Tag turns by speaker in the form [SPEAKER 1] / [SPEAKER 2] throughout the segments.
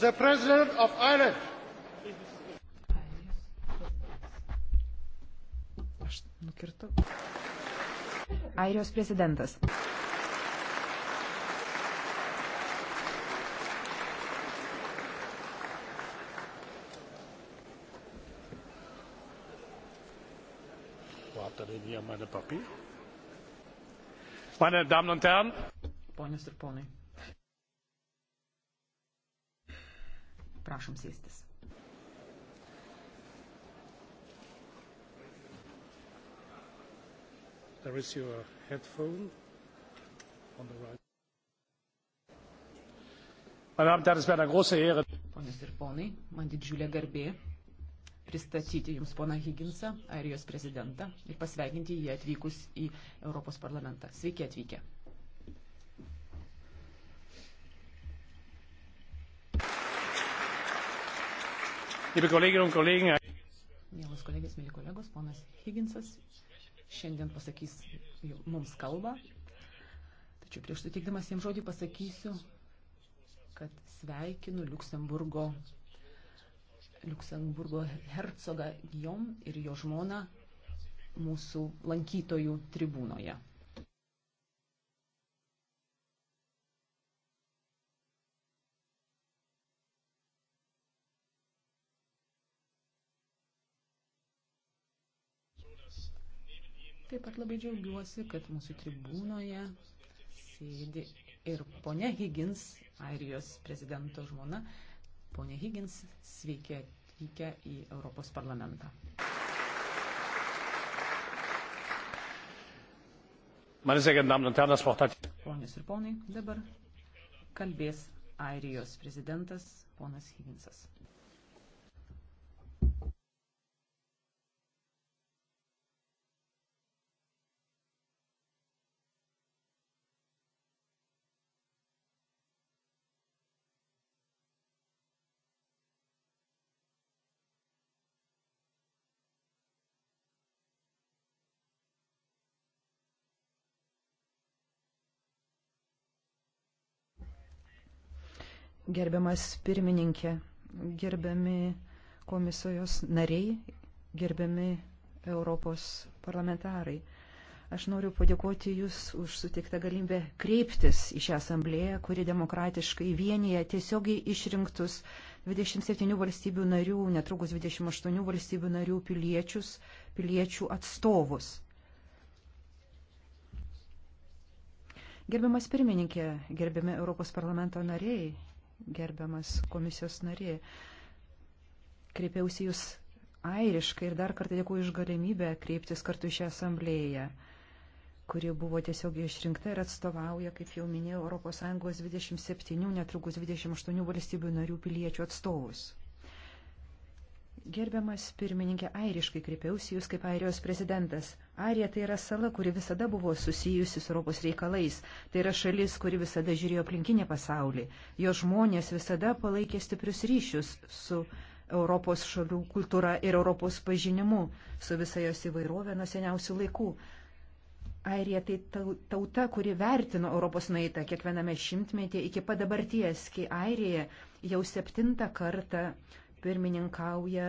[SPEAKER 1] the President of Ireland.
[SPEAKER 2] Aš nukirtau. Airijos prezidentas. Meine Damen und Herren, Ponas ir ponai. Prašom sėstis.
[SPEAKER 1] There is your headphone on the right.
[SPEAKER 2] Meine Damen und Herren, es wäre eine große Ehre. Ponios ir ponai, man didžiulė garbė pristatyti Jums poną Higginsą, Airijos prezidentą, ir pasveikinti jį atvykus į Europos parlamentą. Sveiki atvykę. Liebe Kolleginnen und Kollegen, Mielas kolegės, mėly kolegos, ponas Higginsas šiandien pasakys mums kalbą. Tačiau prieš sutikdamas jiems žodį pasakysiu, kad sveikinu Luksemburgo, Luksemburgo hercogą Gijom ir jo žmoną mūsų lankytojų tribūnoje. Taip pat labai džiaugiuosi, kad mūsų tribūnoje sėdi ir ponia Higgins, Airijos prezidento žmona. Ponia Higgins, sveiki atvykę į Europos parlamentą. Ponios ir ponai, dabar kalbės Airijos prezidentas ponas Higginsas. Gerbiamas pirmininkė, gerbiami komisijos nariai, gerbiami Europos parlamentarai. Aš noriu padėkoti Jūs už sutiktą galimybę kreiptis į šią asamblėją, kuri demokratiškai vienyje tiesiogiai išrinktus 27 valstybių narių, netrukus 28 valstybių narių piliečius, piliečių atstovus. Gerbiamas pirmininkė, gerbiami Europos parlamento nariai, gerbiamas komisijos narė. Kreipiausi jūs airiškai ir dar kartą dėkuoju iš galimybę kreiptis kartu į šią asamblėją, kuri buvo tiesiog išrinkta ir atstovauja, kaip jau minėjau, ES 27, netrukus 28 valstybių narių piliečių atstovus. Gerbiamas pirmininkė, airiškai kreipiausi jūs kaip airijos prezidentas. Airija tai yra sala, kuri visada buvo susijusi su Europos reikalais. Tai yra šalis, kuri visada žiūrėjo aplinkinį pasaulį. Jo žmonės visada palaikė stiprius ryšius su Europos šalių kultūra ir Europos pažinimu, su visa jos įvairovė nuo seniausių laikų. Airija tai tauta, kuri vertino Europos naitą kiekviename šimtmetyje iki pat dabarties, kai Airija jau septintą kartą pirmininkauja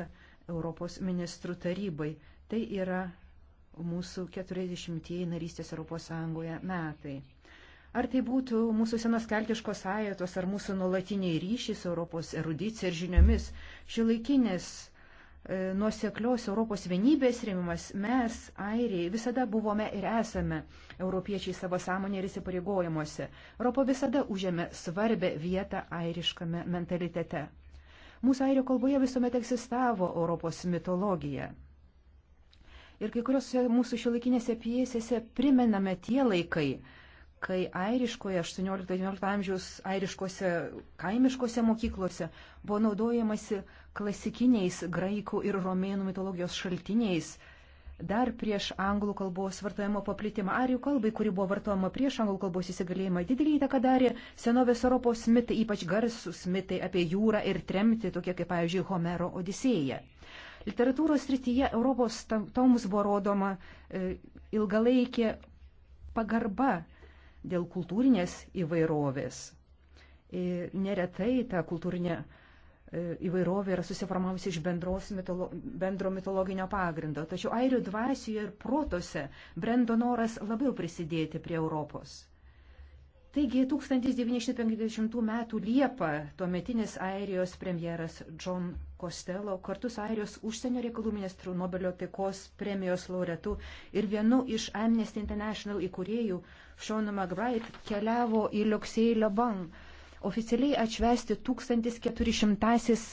[SPEAKER 2] Europos ministrų tarybai. Tai yra mūsų 40-ieji narystės ES metai. Ar tai būtų mūsų senos keltiškos sąjėtos, ar mūsų nuolatiniai ryšiai su Europos erudicija ir žiniomis, šilaikinės e, nuoseklios Europos vienybės rėmimas, mes, airiai, visada buvome ir esame europiečiai savo sąmonė ir įsipareigojimuose. Europa visada užėmė svarbę vietą airiškame mentalitete. Mūsų airio kalboje visuomet egzistavo Europos mitologija. Ir kai kuriuose mūsų šiuolaikinėse pjesėse primename tie laikai, kai airiškoje 18-19 amžiaus airiškose kaimiškose mokyklose buvo naudojamasi klasikiniais graikų ir romėnų mitologijos šaltiniais dar prieš anglų kalbos vartojimo paplitimą. Arijų kalbai, kuri buvo vartojama prieš anglų kalbos įsigalėjimą, didelį įtaką darė senovės Europos mitai, ypač garsus mitai apie jūrą ir tremti, tokie kaip, pavyzdžiui, Homero Odisėja. Literatūros srityje Europos toms buvo rodoma e, ilgalaikė pagarba dėl kultūrinės įvairovės. Ir e, neretai ta kultūrinė E, įvairovė yra susiformavusi iš mitolo, bendro mitologinio pagrindo. Tačiau airių dvasioje ir protose brendo noras labiau prisidėti prie Europos. Taigi 1950 m. Liepą tuometinis Airijos premjeras John Costello kartu su Airijos užsienio reikalų ministru Nobelio taikos premijos laureatu ir vienu iš Amnesty International įkūrėjų Seanu McBride keliavo į Liuksėjį Lebang oficialiai atšvesti 1400-asis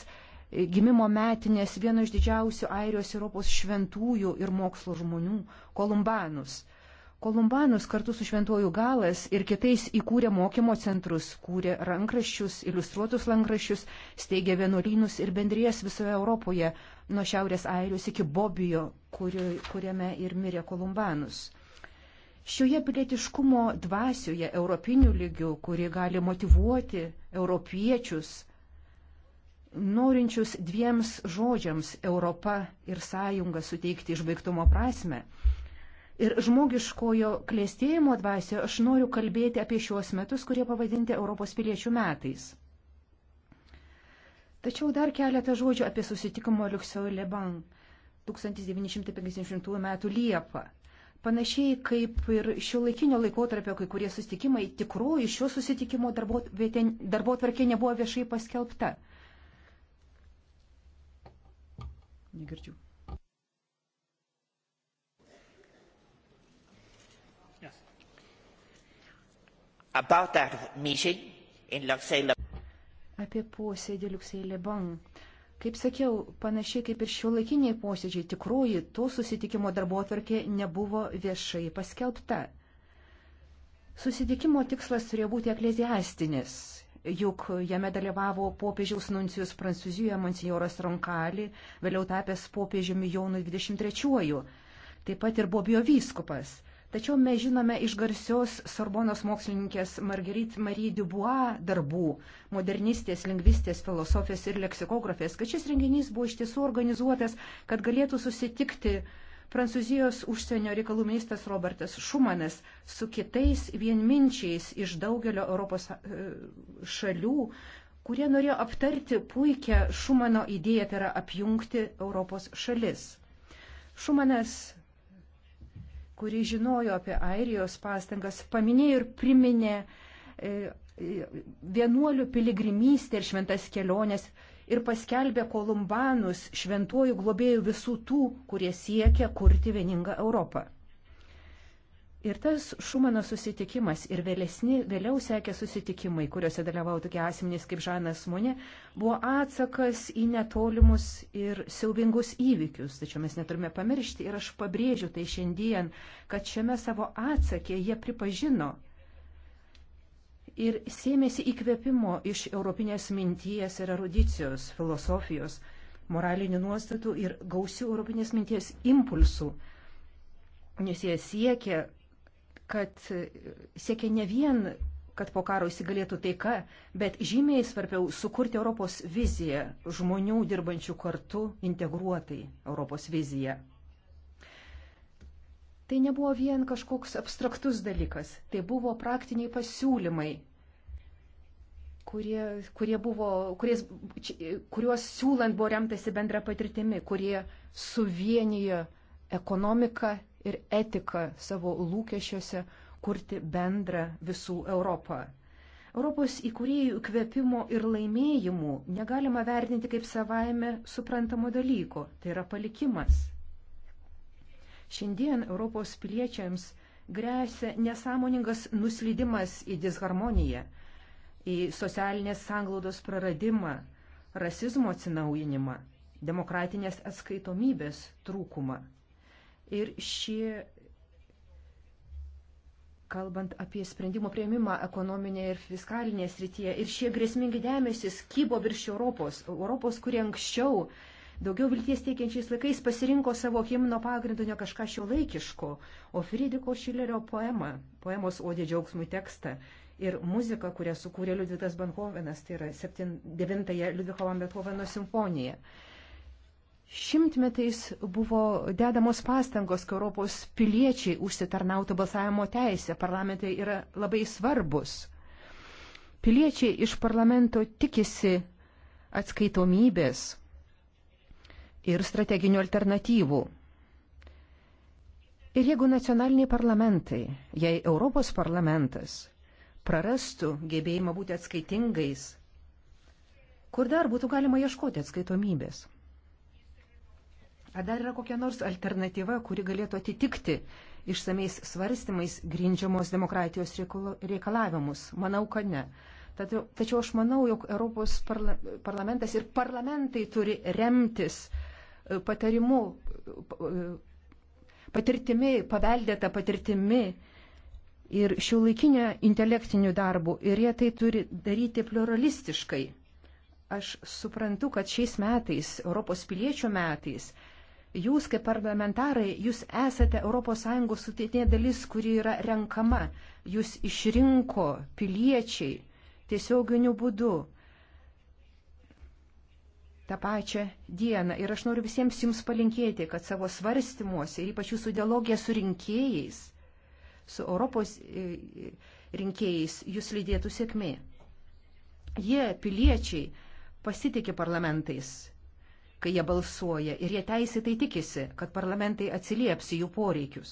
[SPEAKER 2] gimimo metinės vieno iš didžiausių Airijos Europos šventųjų ir mokslo žmonių - Kolumbanus. Kolumbanus kartu su Šventuoju Galas ir kitais įkūrė mokymo centrus, kūrė rankraščius, iliustruotus rankraščius, steigė vienuolynus ir bendrijas visoje Europoje, nuo Šiaurės Airijos iki Bobijo, kuri, kuriame ir mirė Kolumbanus. Šioje pilietiškumo dvasioje europinių lygių, kuri gali motivuoti europiečius, norinčius dviems žodžiams Europa ir sąjunga suteikti išbaigtumo prasme, Ir žmogiškojo klėstėjimo dvasioje aš noriu kalbėti apie šiuos metus, kurie pavadinti Europos piliečių metais. Tačiau dar keletą žodžių apie susitikimo Liuxio Leban 1950 m. Liepą. Panašiai kaip ir šio laikinio laikotarpio kai kurie susitikimai, tikroji šio susitikimo darbo tvarkė nebuvo viešai paskelbta. Negirdžiu. Yes. Apie posėdį Liuksei Lebon Kaip sakiau, panašiai kaip ir šiuolaikiniai posėdžiai, tikroji to susitikimo darbo atvarkė nebuvo viešai paskelbta. Susitikimo tikslas turėjo būti ekleziastinis, juk jame dalyvavo popiežiaus nuncijus Prancūzijoje monsinjoras Ronkali, vėliau tapęs popiežiumi Jonui 23-uoju, taip pat ir Bobijo vyskupas – Tačiau mes žinome iš garsios Sorbonos mokslininkės Marguerite Marie Dubois darbų, modernistės, lingvistės, filosofės ir leksikografės, kad šis renginys buvo iš tiesų organizuotas, kad galėtų susitikti Prancūzijos užsienio reikalų ministras Robertas Šumanas su kitais vienminčiais iš daugelio Europos e, šalių, kurie norėjo aptarti puikią Šumano idėją, tai yra apjungti Europos šalis. Šumanas kuri žinojo apie Airijos pastangas, paminėjo ir priminė e, e, vienuolių piligrimystę ir šventas keliones ir paskelbė Kolumbanus šventuoju globėjų visų tų, kurie siekia kurti vieningą Europą. Ir tas Šumano susitikimas ir vėlesni, vėliau sekė susitikimai, kuriuose dalyvavo tokie asmenys kaip Žanas Monė, buvo atsakas į netolimus ir siaubingus įvykius. Tačiau mes neturime pamiršti ir aš pabrėžiu tai šiandien, kad šiame savo atsakė jie pripažino ir sėmėsi įkvėpimo iš europinės minties ir erudicijos, filosofijos, moralinių nuostatų ir gausių europinės minties impulsų. Nes jie siekia kad siekia ne vien, kad po karo įsigalėtų taika, bet žymiai svarbiau sukurti Europos viziją žmonių dirbančių kartu integruotai Europos viziją. Tai nebuvo vien kažkoks abstraktus dalykas, tai buvo praktiniai pasiūlymai, kurie, kurie buvo, kuries, kuriuos siūlant buvo remtasi bendra patirtimi, kurie suvienijo ekonomiką ir etiką savo lūkesčiuose kurti bendrą visų Europą. Europos įkūrėjų kvepimo ir laimėjimų negalima vertinti kaip savaime suprantamo dalyko, tai yra palikimas. Šiandien Europos piliečiams grėsia nesąmoningas nuslydimas į disharmoniją, į socialinės sanglaudos praradimą, rasizmo atsinaujinimą, demokratinės atskaitomybės trūkumą. Ir šie, kalbant apie sprendimo prieimimą ekonominėje ir fiskalinėje srityje, ir šie grėsmingi dėmesys kybo virš Europos, Europos, kurie anksčiau daugiau vilties teikiančiais laikais pasirinko savo himno pagrindu ne kažką šio laikiško, o Friediko Šilerio poemą, poemos Odė džiaugsmui tekstą ir muziką, kurią sukūrė Liudvitas Bankovenas, tai yra 9-ąją Liudviko van Beethoveno simfoniją. Šimtmetais buvo dedamos pastangos, kad Europos piliečiai užsitarnautų balsavimo teisę. Parlamentai yra labai svarbus. Piliečiai iš parlamento tikisi atskaitomybės ir strateginių alternatyvų. Ir jeigu nacionaliniai parlamentai, jei Europos parlamentas prarastų gebėjimą būti atskaitingais, kur dar būtų galima ieškoti atskaitomybės? Ar dar yra kokia nors alternatyva, kuri galėtų atitikti išsameis svarstymais grindžiamos demokratijos reikalavimus? Manau, kad ne. Tačiau aš manau, jog Europos parla parlamentas ir parlamentai turi remtis e, patarimu, e, patirtimi, paveldėta patirtimi ir šių laikinio intelektinių darbų. Ir jie tai turi daryti pluralistiškai. Aš suprantu, kad šiais metais, Europos piliečių metais, Jūs kaip parlamentarai, jūs esate ES sutėtinė dalis, kuri yra renkama. Jūs išrinko piliečiai tiesioginiu būdu tą pačią dieną. Ir aš noriu visiems jums palinkėti, kad savo svarstymuose ir ypač jūsų dialogija su rinkėjais, su Europos e, e, rinkėjais, jūs lydėtų sėkmė. Jie, piliečiai, pasitikė parlamentais kai jie balsuoja ir jie teisėtai tikisi, kad parlamentai atsilieps jų poreikius.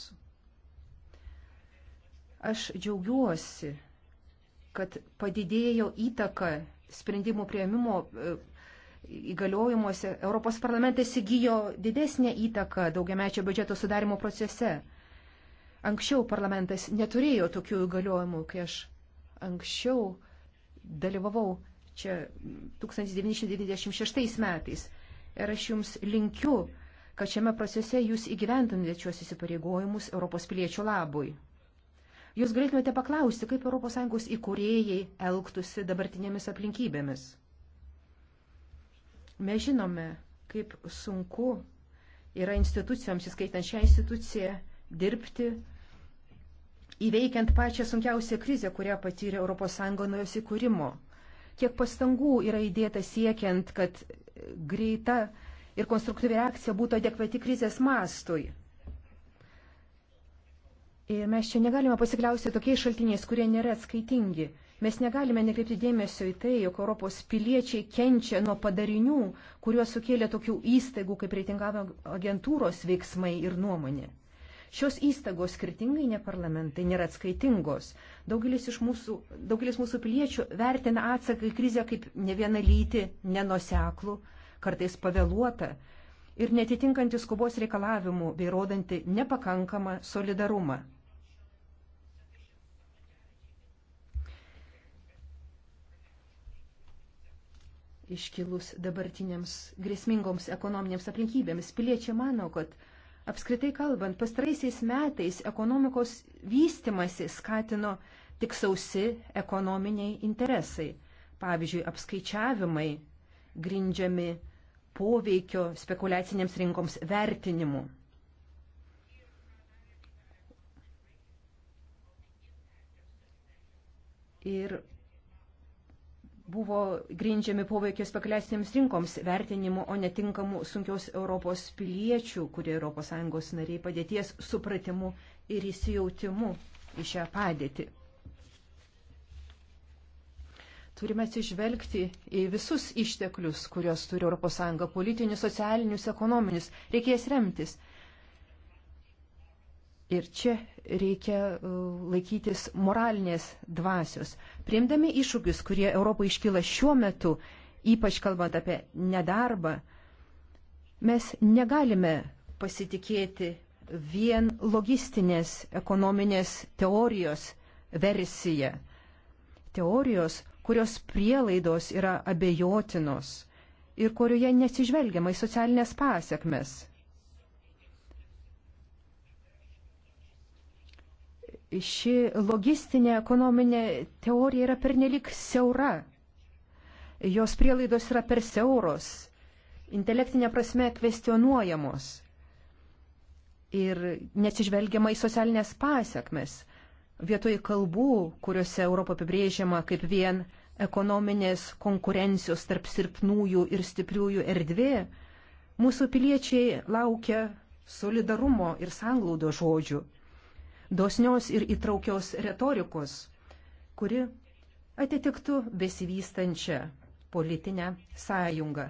[SPEAKER 2] Aš džiaugiuosi, kad padidėjo įtaka sprendimų prieimimo e, įgaliojimuose. Europos parlamentas įgyjo didesnę įtaką daugiamečio biudžeto sudarimo procese. Anksčiau parlamentas neturėjo tokių įgaliojimų, kai aš anksčiau dalyvavau čia 1996 metais. Ir aš jums linkiu, kad šiame procese jūs įgyventumėte šios įsipareigojimus Europos piliečių labui. Jūs galėtumėte paklausti, kaip ES įkūrėjai elgtųsi dabartinėmis aplinkybėmis. Mes žinome, kaip sunku yra institucijoms, įskaitant šią instituciją, dirbti, įveikiant pačią sunkiausią krizę, kurią patyrė ES nuo jos įkūrimo. Kiek pastangų yra įdėta siekiant, kad greita ir konstruktyvi reakcija būtų adekvati krizės mastui. Ir mes čia negalime pasikliausti tokiais šaltiniais, kurie nėra atskaitingi. Mes negalime nekreipti dėmesio į tai, jog Europos piliečiai kenčia nuo padarinių, kuriuos sukėlė tokių įstaigų kaip reitingavimo agentūros veiksmai ir nuomonė. Šios įstaigos skirtingai ne parlamentai nėra atskaitingos. Daugelis, mūsų, daugelis mūsų piliečių vertina atsaką į krizę kaip ne vieną lytį, nenoseklų, kartais pavėluotą ir netitinkantis skubos reikalavimų bei rodanti nepakankamą solidarumą. Iškilus dabartiniams grėsmingoms ekonominėms aplinkybėms, piliečiai mano, kad Apskritai kalbant, pastaraisiais metais ekonomikos vystimasi skatino tik sausi ekonominiai interesai, pavyzdžiui, apskaičiavimai grindžiami poveikio spekuliacinėms rinkoms vertinimu. Ir buvo grindžiami poveikio spekuliacinėms rinkoms vertinimu, o netinkamu sunkios Europos piliečių, kurie ES nariai padėties supratimu ir įsijautimu į šią padėtį. Turime atsižvelgti į visus išteklius, kuriuos turi ES - politinius, socialinius, ekonominius. Reikės remtis Ir čia reikia e, laikytis moralinės dvasios. Priimdami iššūkius, kurie Europoje iškyla šiuo metu, ypač kalbant apie nedarbą, mes negalime pasitikėti vien logistinės ekonominės teorijos versija. Teorijos, kurios prielaidos yra abejotinos ir kurioje nesižvelgiama į socialinės pasiekmes. ši logistinė ekonominė teorija yra pernelik siaura. Jos prielaidos yra per siauros, intelektinė prasme kvestionuojamos ir neatsižvelgiama į socialinės pasiekmes. Vietoj kalbų, kuriuose Europą apibrėžiama kaip vien ekonominės konkurencijos tarp silpnųjų ir stipriųjų erdvė, mūsų piliečiai laukia solidarumo ir sanglaudo žodžių dosnios ir įtraukios retorikos, kuri atitiktų besivystančią politinę sąjungą.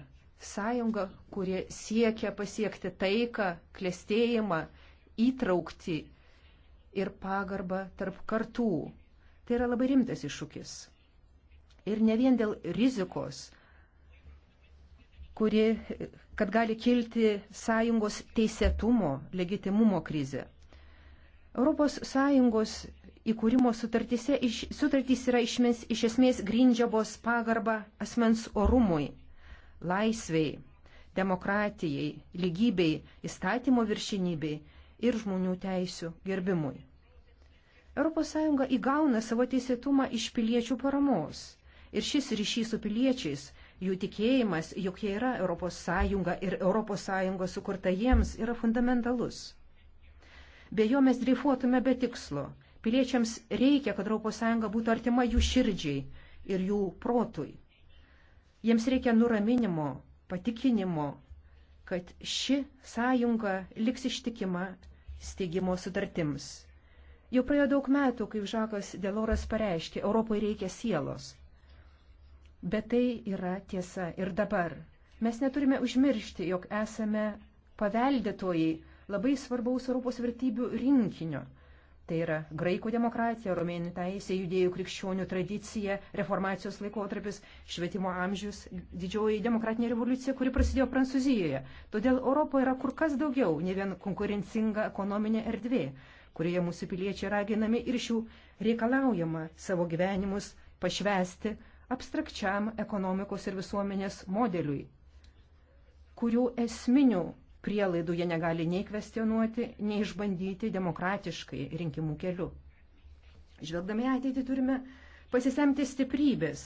[SPEAKER 2] Sąjunga, kurie siekia pasiekti taiką, klėstėjimą, įtraukti ir pagarbą tarp kartų. Tai yra labai rimtas iššūkis. Ir ne vien dėl rizikos, kuri, kad gali kilti sąjungos teisėtumo, legitimumo krizė. ES įkūrimo sutartys yra išmės, iš esmės grindžiamos pagarba asmens orumui, laisviai, demokratijai, lygybei, įstatymo viršinybei ir žmonių teisių gerbimui. ES įgauna savo teisėtumą iš piliečių paramos ir šis ryšys su piliečiais, jų tikėjimas, jog jie yra ES ir ES sukurta jiems, yra fundamentalus. Be jo mes dreifuotume be tikslo. Piliečiams reikia, kad ES būtų artima jų širdžiai ir jų protui. Jiems reikia nuraminimo, patikinimo, kad ši sąjunga liks ištikima steigimo sutartims. Jau praėjo daug metų, kaip Žakas Deloras pareiškė, Europoje reikia sielos. Bet tai yra tiesa ir dabar. Mes neturime užmiršti, jog esame paveldėtojai labai svarbaus Europos vertybių rinkinio. Tai yra graikų demokratija, romėnų teisė, judėjų krikščionių tradicija, reformacijos laikotarpis, švietimo amžius, didžioji demokratinė revoliucija, kuri prasidėjo Prancūzijoje. Todėl Europoje yra kur kas daugiau, ne vien konkurencinga ekonominė erdvė, kurioje mūsų piliečiai raginami ir šių reikalaujama savo gyvenimus pašvesti abstrakčiam ekonomikos ir visuomenės modeliui, kurių esminių prielaidų jie negali nei kvestionuoti, nei išbandyti demokratiškai rinkimų keliu. Žvelgdami ateitį turime pasisemti stiprybės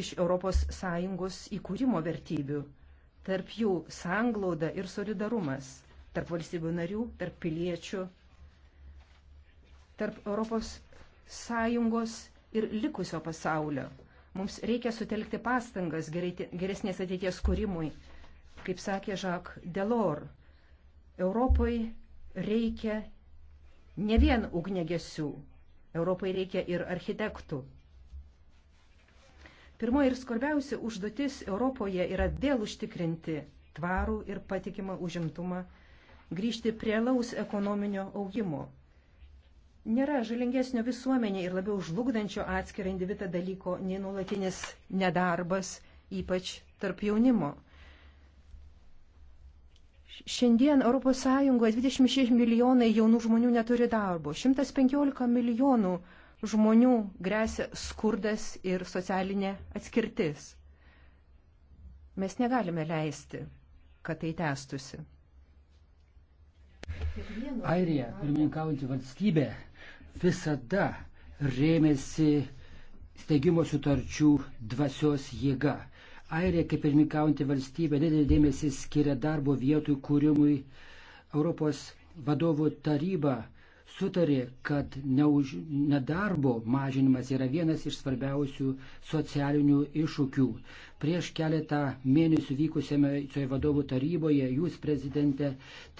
[SPEAKER 2] iš ES įkūrimo vertybių, tarp jų sanglauda ir solidarumas, tarp valstybių narių, tarp piliečių, tarp ES ir likusio pasaulio. Mums reikia sutelkti pastangas geresnės ateities kūrimui Kaip sakė Jacques Delors, Europai reikia ne vien ugnegesių, Europai reikia ir architektų. Pirmoji ir skorbiausia užduotis Europoje yra vėl užtikrinti tvarų ir patikimą užimtumą, grįžti prie laus ekonominio augimo. Nėra žalingesnio visuomenė ir labiau žlugdančio atskirą individą dalyko nei nuolatinis nedarbas, ypač tarp jaunimo. Šiandien ES 26 milijonai jaunų žmonių neturi darbo, 115 milijonų žmonių grėsia skurdas ir socialinė atskirtis. Mes negalime leisti, kad tai tęstusi.
[SPEAKER 1] Airija, pirmininkaujanti valstybė, visada rėmėsi steigimo sutarčių dvasios jėga. Airija, kaip ir mikaujantį valstybę, didelį dėmesį skiria darbo vietų kūrimui. Europos vadovų taryba sutarė, kad neuž, nedarbo mažinimas yra vienas iš svarbiausių socialinių iššūkių. Prieš keletą mėnesių vykusiame šioje vadovų taryboje jūs, prezidente,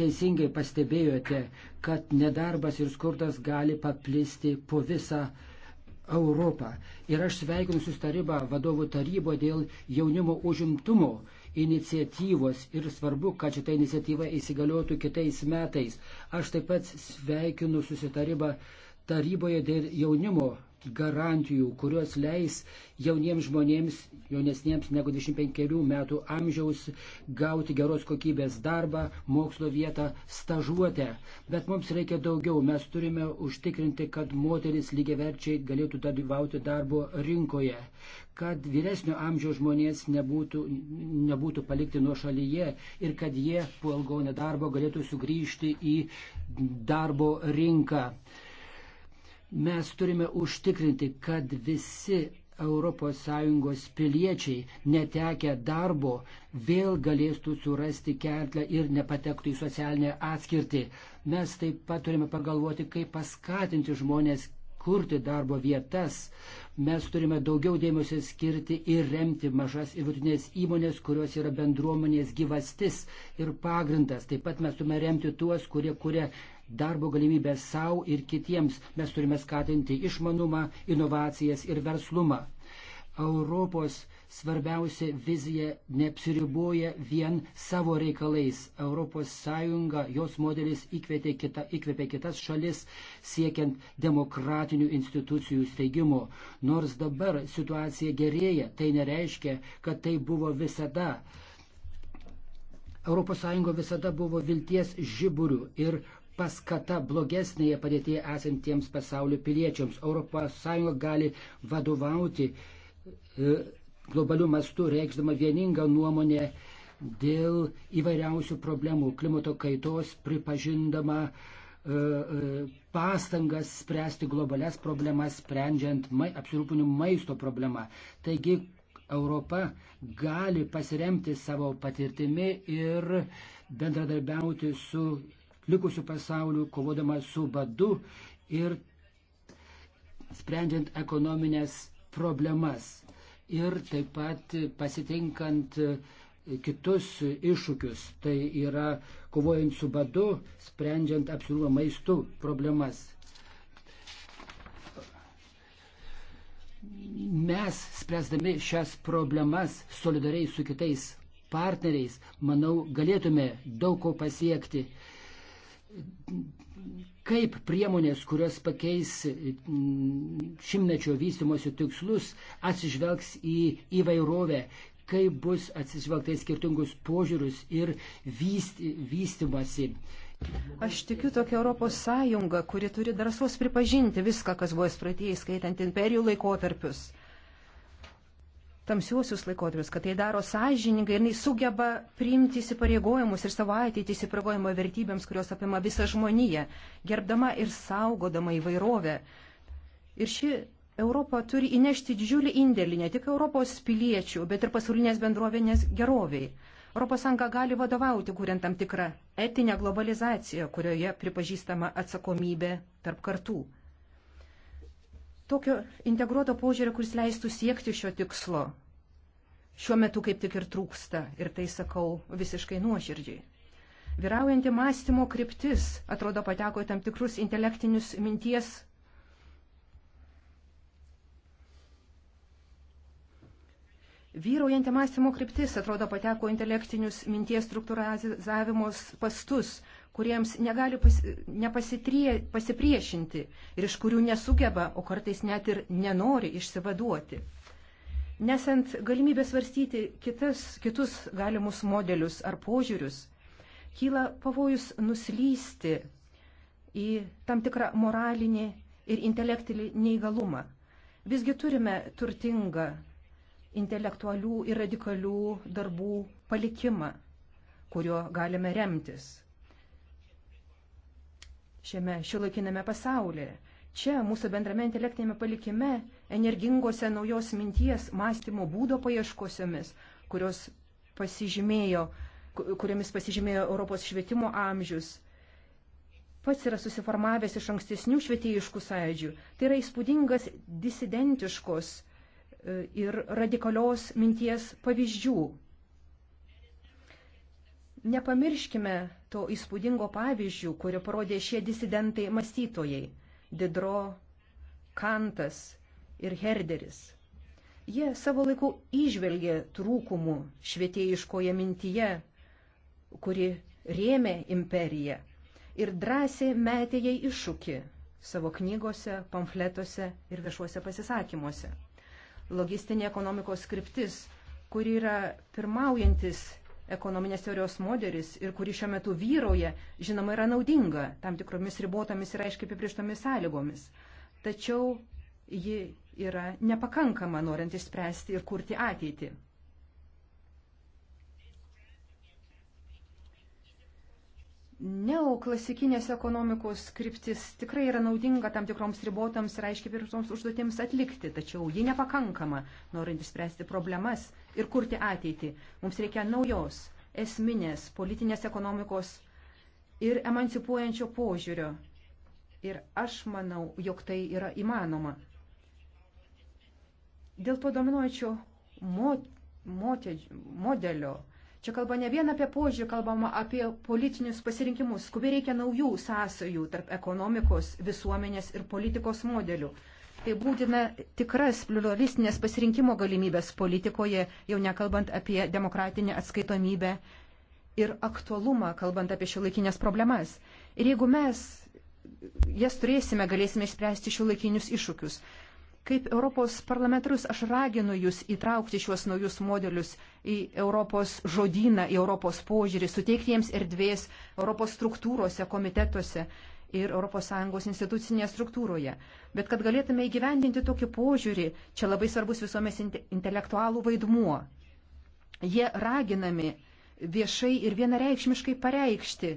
[SPEAKER 1] teisingai pastebėjote, kad nedarbas ir skurdas gali paplisti po visą Europą. Ir aš sveikinu sustarybą vadovų tarybo dėl jaunimo užimtumo iniciatyvos ir svarbu, kad šita iniciatyva įsigaliotų kitais metais. Aš taip pat sveikinu susitarybą taryboje dėl jaunimo garantijų, kurios leis jauniems žmonėms, jaunesniems negu 25 metų amžiaus, gauti geros kokybės darbą, mokslo vietą, stažuotę. Bet mums reikia daugiau. Mes turime užtikrinti, kad moteris lygiaverčiai galėtų dalyvauti darbo rinkoje, kad vyresnio amžiaus žmonės nebūtų, nebūtų palikti nuo šalyje ir kad jie po ilgo nedarbo galėtų sugrįžti į darbo rinką. Mes turime užtikrinti, kad visi ES piliečiai netekę darbo vėl galėtų surasti kertlę ir nepatektų į socialinę atskirtį. Mes taip pat turime pagalvoti, kaip paskatinti žmonės kurti darbo vietas. Mes turime daugiau dėmesio skirti ir remti mažas ir vidutinės įmonės, kurios yra bendruomenės gyvastis ir pagrindas. Taip pat mes turime remti tuos, kurie kuria darbo galimybės savo ir kitiems. Mes turime skatinti išmanumą, inovacijas ir verslumą. Europos svarbiausia vizija neapsiriboja vien savo reikalais. ES, jos modelis įkvėpė, kita, įkvėpė kitas šalis siekiant demokratinių institucijų steigimo. Nors dabar situacija gerėja, tai nereiškia, kad tai buvo visada. ES visada buvo vilties žiburių ir paskata blogesnėje padėtėje esantiems pasaulio piliečiams. ES gali vadovauti e, globalių mastų, reikšdama vieningą nuomonę dėl įvairiausių problemų, klimato kaitos, pripažindama e, e, pastangas spręsti globales problemas, sprendžiant mai, apsirūpinimų maisto problemą. Taigi Europa gali pasiremti savo patirtimi ir bendradarbiauti su likusiu pasauliu, kovodama su badu ir sprendžiant ekonominės problemas ir taip pat pasitinkant kitus iššūkius. Tai yra kovojant su badu, sprendžiant apsirūpą maistų problemas. Mes, spręsdami šias problemas solidariai su kitais partneriais, manau, galėtume daug ko pasiekti kaip priemonės, kurios pakeis mm, šimtmečio vystimosi tikslus, atsižvelgs į įvairovę, kaip bus atsižvelgta į skirtingus požiūrius ir vyst, vystimasi. Aš tikiu tokia Europos Sąjunga, kuri turi drąsos pripažinti viską, kas buvo įspratėjai,
[SPEAKER 2] skaitant imperijų laikotarpius tamsiuosius laikotarpius, kad tai daro sąžiningai ir jinai sugeba priimti įsipareigojimus ir savo ateitį įsipareigojimo vertybėms, kurios apima visą žmoniją, gerbdama ir saugodama įvairovę. Ir ši Europa turi įnešti didžiulį indėlį ne tik Europos piliečių, bet ir pasaulinės bendruomenės geroviai. ES gali vadovauti, kuriant tam tikrą etinę globalizaciją, kurioje pripažįstama atsakomybė tarp kartų. Tokio integruoto požiūrio, kuris leistų siekti šio tikslo, šiuo metu kaip tik ir trūksta, ir tai sakau visiškai nuoširdžiai. Vyraujanti mąstymo kryptis, atrodo, pateko į tam tikrus intelektinius minties Vyraujanti mąstymo kryptis, atrodo, pateko intelektinius minties struktūrizavimus pastus, kuriems negali pasi, pasipriešinti ir iš kurių nesugeba, o kartais net ir nenori išsivaduoti. Nesant galimybę svarstyti kitas, kitus galimus modelius ar požiūrius, kyla pavojus nuslysti į tam tikrą moralinį ir intelektinį neįgalumą. Visgi turime turtingą intelektualių ir radikalių darbų palikimą, kurio galime remtis šiame šiuolaikiname pasaulyje. Čia mūsų bendrame intelektinėme palikime, energingose naujos minties, mąstymo būdo paieškosiomis, kurios pasižymėjo, kuriomis pasižymėjo Europos švietimo amžius, pats yra susiformavęs iš ankstesnių švietėjiškų sąjūdžių. Tai yra įspūdingas disidentiškos e, ir radikalios minties pavyzdžių. Nepamirškime to įspūdingo pavyzdžių, kurį parodė šie disidentai mąstytojai - Didro, Kantas ir Herderis. Jie savo laiku išvelgė trūkumų švietėjiškoje mintyje, kuri rėmė imperiją ir drąsiai metė jai iššūkį savo knygose, pamfletuose ir viešuose pasisakymuose. Logistinė ekonomikos skriptis, kuri yra pirmaujantis ekonominės teorijos modelis ir kuri šiuo metu vyrauja, žinoma, yra naudinga tam tikromis ribotomis ir aiškiai apibrieštomis sąlygomis. Tačiau ji yra nepakankama norint išspręsti ir kurti ateitį. neoklasikinės ekonomikos skriptis tikrai yra naudinga tam tikroms ribotams ir aiškiai pirktoms užduotims atlikti, tačiau ji nepakankama, norint išspręsti problemas ir kurti ateitį. Mums reikia naujos, esminės politinės ekonomikos ir emancipuojančio požiūrio. Ir aš manau, jog tai yra įmanoma. Dėl to dominuojančio modelio Čia kalba ne vien apie požiūrį, kalbama apie politinius pasirinkimus. Skubiai reikia naujų sąsajų tarp ekonomikos, visuomenės ir politikos modelių. Tai būtina tikras pluralistinės pasirinkimo galimybės politikoje, jau nekalbant apie demokratinę atskaitomybę ir aktualumą, kalbant apie šiuolaikinės problemas. Ir jeigu mes jas turėsime, galėsime išspręsti šiuolaikinius iššūkius. Kaip Europos parlamentarus aš raginu jūs įtraukti šiuos naujus modelius į Europos žodyną, į Europos požiūrį, suteikti jiems erdvės Europos struktūrose, komitetuose ir ES institucinėje struktūroje. Bet kad galėtume įgyvendinti tokį požiūrį, čia labai svarbus visuomės intelektualų vaidmuo. Jie raginami viešai ir vienareikšmiškai pareikšti,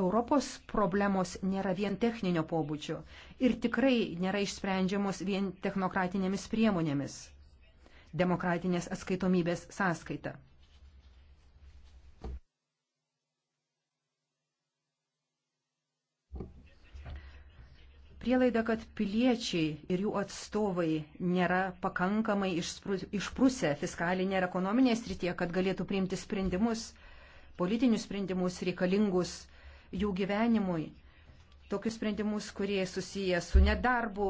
[SPEAKER 2] Europos problemos nėra vien techninio pobūdžio ir tikrai nėra išsprendžiamos vien technokratinėmis priemonėmis - demokratinės atskaitomybės sąskaita. Prielaida, kad piliečiai ir jų atstovai nėra pakankamai išprusę fiskalinė ir ekonominė srityje, kad galėtų priimti sprendimus, politinius sprendimus reikalingus jų gyvenimui. Tokius sprendimus, kurie susiję su nedarbu,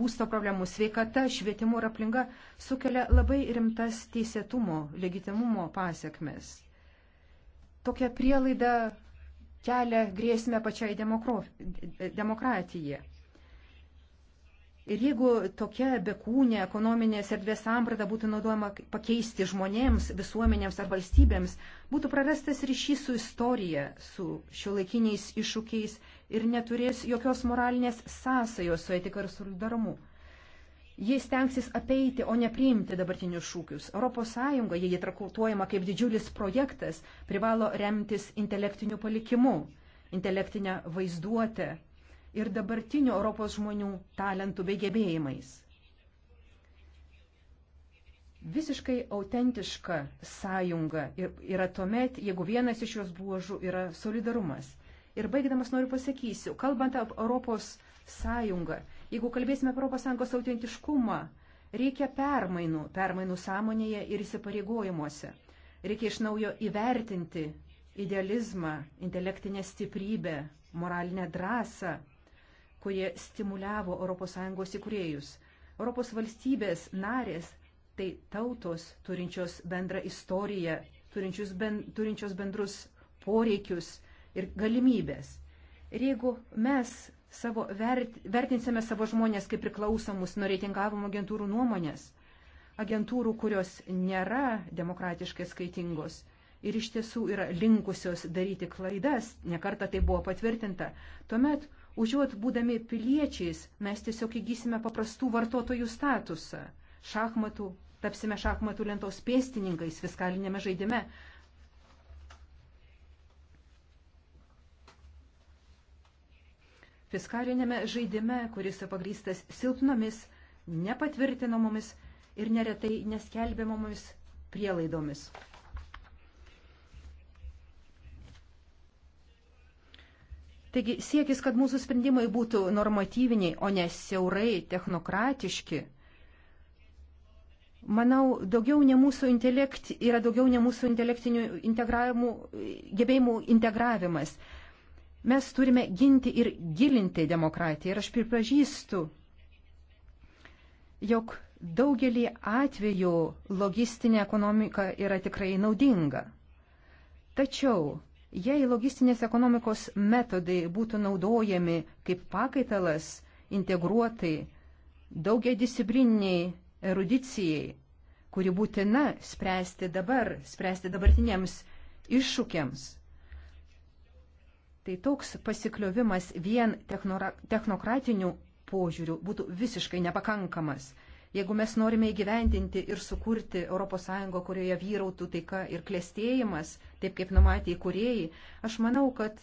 [SPEAKER 2] būsto problemų, sveikata, švietimu ir aplinka, sukelia labai rimtas teisėtumo, legitimumo pasiekmes. Tokia prielaida kelia grėsmę pačiai demokratijai. Ir jeigu tokia bekūnė ekonominės erdvės samprata būtų naudojama pakeisti žmonėms, visuomenėms ar valstybėms, būtų prarastas ryšys su istorija, su šiuolaikiniais iššūkiais ir neturės jokios moralinės sąsajos su etika ir solidarumu. Jie stengsis apeiti, o ne priimti dabartinius šūkius. ES, jei jie trakultuojama kaip didžiulis projektas, privalo remtis intelektiniu palikimu, intelektinę vaizduotę, ir dabartinių Europos žmonių talentų bei gebėjimais. Visiškai autentiška sąjunga yra tuomet, jeigu vienas iš jos buožų yra solidarumas. Ir baigdamas noriu pasakysiu, kalbant apie Europos sąjungą, jeigu kalbėsime apie Europos sąjungos autentiškumą, reikia permainų, permainų sąmonėje ir įsipareigojimuose. Reikia iš naujo įvertinti idealizmą, intelektinę stiprybę, moralinę drąsą, kurie stimuliavo ES įkuriejus. Europos valstybės narės tai tautos turinčios bendrą istoriją, turinčios, ben, turinčios bendrus poreikius ir galimybės. Ir jeigu mes savo vert, vertinsime savo žmonės kaip priklausomus nuo reitingavimo agentūrų nuomonės, agentūrų, kurios nėra demokratiškai skaitingos ir iš tiesų yra linkusios daryti klaidas, nekarta tai buvo patvirtinta, tuomet Užuot būdami piliečiais, mes tiesiog įgysime paprastų vartotojų statusą. Šachmatų, tapsime šachmatų lentos pėstininkais fiskalinėme žaidime. Fiskalinėme žaidime, kuris pagrystas silpnomis, nepatvirtinamomis ir neretai neskelbiamomis prielaidomis. Taigi siekis, kad mūsų sprendimai būtų normatyviniai, o ne siaurai technokratiški, manau, daugiau ne mūsų intelekt, yra daugiau ne mūsų intelektinių gebėjimų integravimas. Mes turime ginti ir gilinti demokratiją. Ir aš pripažįstu, jog daugelį atvejų logistinė ekonomika yra tikrai naudinga. Tačiau Jei logistinės ekonomikos metodai būtų naudojami kaip pakaitalas integruotai daugia disciplininiai erudicijai, kuri būtina spręsti dabar, spręsti dabartiniams iššūkiams, tai toks pasikliovimas vien technokratinių požiūrių būtų visiškai nepakankamas. Jeigu mes norime įgyvendinti ir sukurti ES, kurioje vyrautų taika ir klėstėjimas, taip kaip numatė įkurėjai, aš manau, kad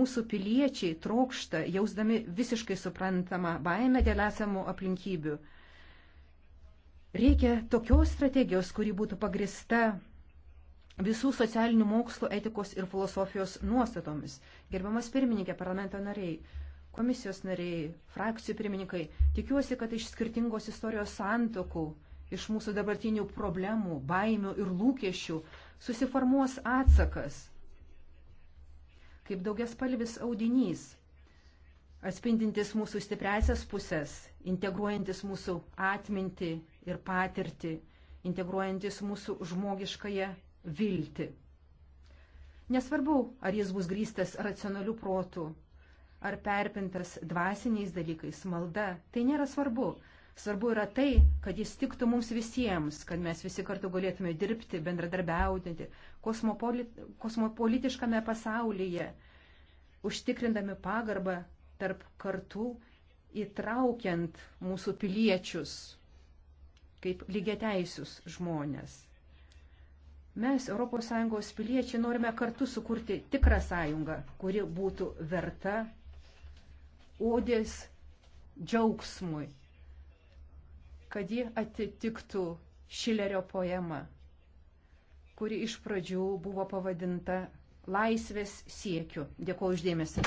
[SPEAKER 2] mūsų piliečiai trokšta, jausdami visiškai suprantamą baimę dėl esamų aplinkybių. Reikia tokios strategijos, kuri būtų pagrista visų socialinių mokslų, etikos ir filosofijos nuostatomis. Gerbiamas pirmininkė, parlamento nariai, komisijos nariai, frakcijų pirmininkai, tikiuosi, kad iš skirtingos istorijos santokų, iš mūsų dabartinių problemų, baimių ir lūkesčių susiformuos atsakas, kaip daugias palvis audinys, atspindintis mūsų stipresias pusės, integruojantis mūsų atmintį ir patirtį, integruojantis mūsų žmogiškąją viltį. Nesvarbu, ar jis bus grįstas racionalių protų, ar perpintas dvasiniais dalykais, malda, tai nėra svarbu. Svarbu yra tai, kad jis tiktų mums visiems, kad mes visi kartu galėtume dirbti, bendradarbiauti kosmopolit, kosmopolitiškame pasaulyje, užtikrindami pagarbą tarp kartų, įtraukiant mūsų piliečius kaip lygiateisius žmonės. Mes, ES piliečiai, norime kartu sukurti tikrą sąjungą, kuri būtų verta odės džiaugsmui, kad ji atitiktų Šilerio poemą, kuri iš pradžių buvo pavadinta Laisvės siekiu. Dėkuoju uždėmesi.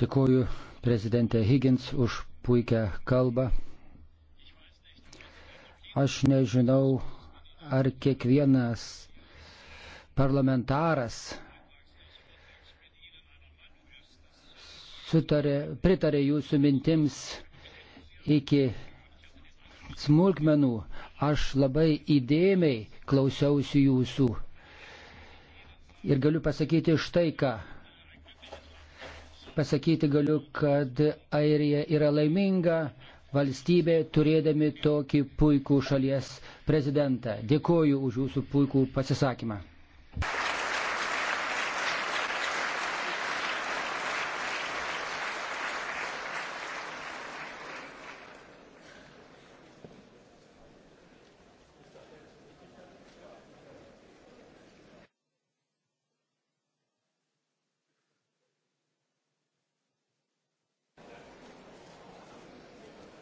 [SPEAKER 1] Dėkuoju prezidentė Higgins už puikią kalbą. Aš nežinau, ar kiekvienas parlamentaras sutarė, pritarė jūsų mintims iki smulkmenų. Aš labai įdėmiai klausiausi jūsų Ir galiu pasakyti štai ką. Pasakyti galiu, kad Airija yra laiminga valstybė turėdami tokį puikų šalies prezidentą. Dėkoju už jūsų puikų pasisakymą.